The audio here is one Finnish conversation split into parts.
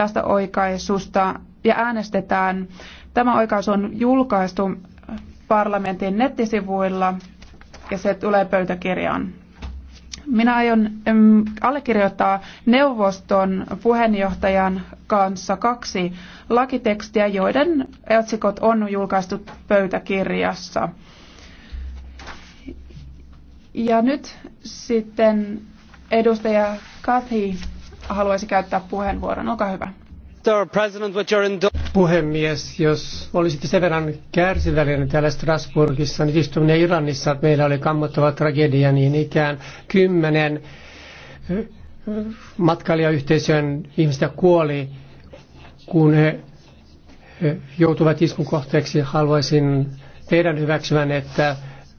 tästä oikaisusta ja äänestetään. Tämä oikaisu on julkaistu parlamentin nettisivuilla ja se tulee pöytäkirjaan. Minä aion allekirjoittaa neuvoston puheenjohtajan kanssa kaksi lakitekstiä, joiden otsikot on julkaistu pöytäkirjassa. Ja nyt sitten edustaja Kathy haluaisi käyttää puheenvuoron. Olkaa hyvä. Puhemies, jos olisitte sen verran kärsivällinen täällä Strasbourgissa, niin istuminen Iranissa, meillä oli kammottava tragedia, niin ikään kymmenen eh, matkailijayhteisön ihmistä kuoli, kun he joutuvat iskun kohteeksi. Haluaisin teidän hyväksymän, että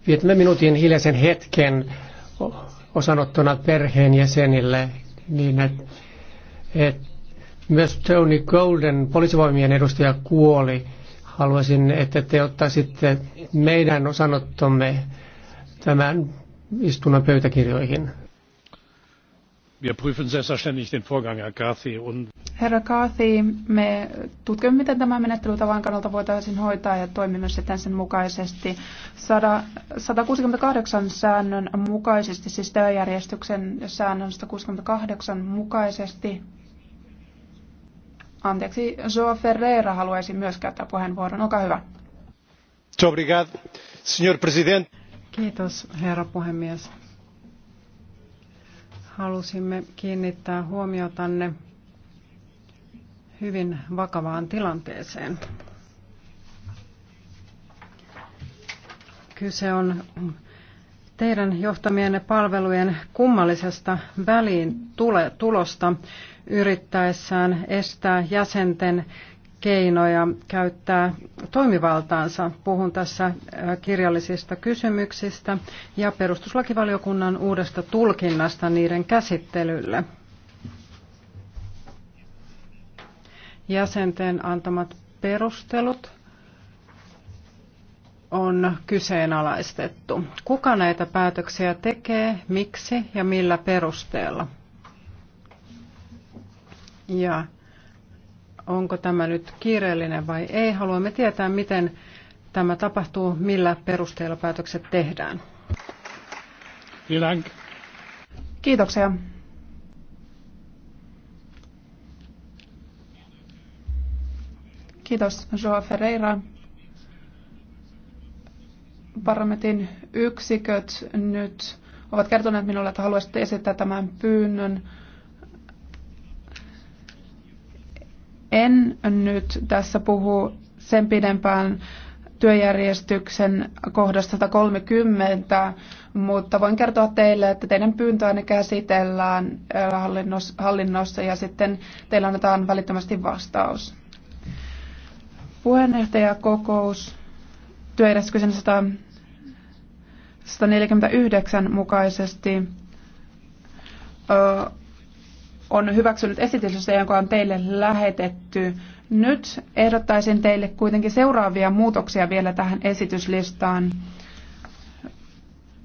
vietämme minuutin hiljaisen hetken osanottona perheenjäsenille, niin että, et, myös Tony Golden, poliisivoimien edustaja, kuoli. Haluaisin, että te ottaisitte meidän osanottomme tämän istunnon pöytäkirjoihin. Wir prüfen selbstverständlich den Vorgang, Herr Carthy. Und Herra Carthy, me tutkimme, miten tämä menettelytavan kannalta voitaisiin hoitaa ja toimimme sitten sen mukaisesti. 168 säännön mukaisesti, siis työjärjestyksen säännön 168 mukaisesti. Anteeksi, Joa Ferreira haluaisi myös käyttää puheenvuoron. Olkaa hyvä. Kiitos, herra puhemies halusimme kiinnittää huomiotanne hyvin vakavaan tilanteeseen. Kyse on teidän johtamienne palvelujen kummallisesta väliin tulosta yrittäessään estää jäsenten keinoja käyttää toimivaltaansa. Puhun tässä äh, kirjallisista kysymyksistä ja perustuslakivaliokunnan uudesta tulkinnasta niiden käsittelylle. Jäsenten antamat perustelut on kyseenalaistettu. Kuka näitä päätöksiä tekee, miksi ja millä perusteella? Ja onko tämä nyt kiireellinen vai ei. Haluamme tietää, miten tämä tapahtuu, millä perusteella päätökset tehdään. Kiitoksia. Kiitos Joa Ferreira. Parlamentin yksiköt nyt ovat kertoneet minulle, että haluaisitte esittää tämän pyynnön En nyt tässä puhu sen pidempään työjärjestyksen kohdasta 130, mutta voin kertoa teille, että teidän pyyntöänne käsitellään äh, hallinnossa ja sitten teillä annetaan välittömästi vastaus. Puheenjohtajakokous työjärjestyksen 149 mukaisesti on hyväksynyt esitystä, joka on teille lähetetty. Nyt ehdottaisin teille kuitenkin seuraavia muutoksia vielä tähän esityslistaan.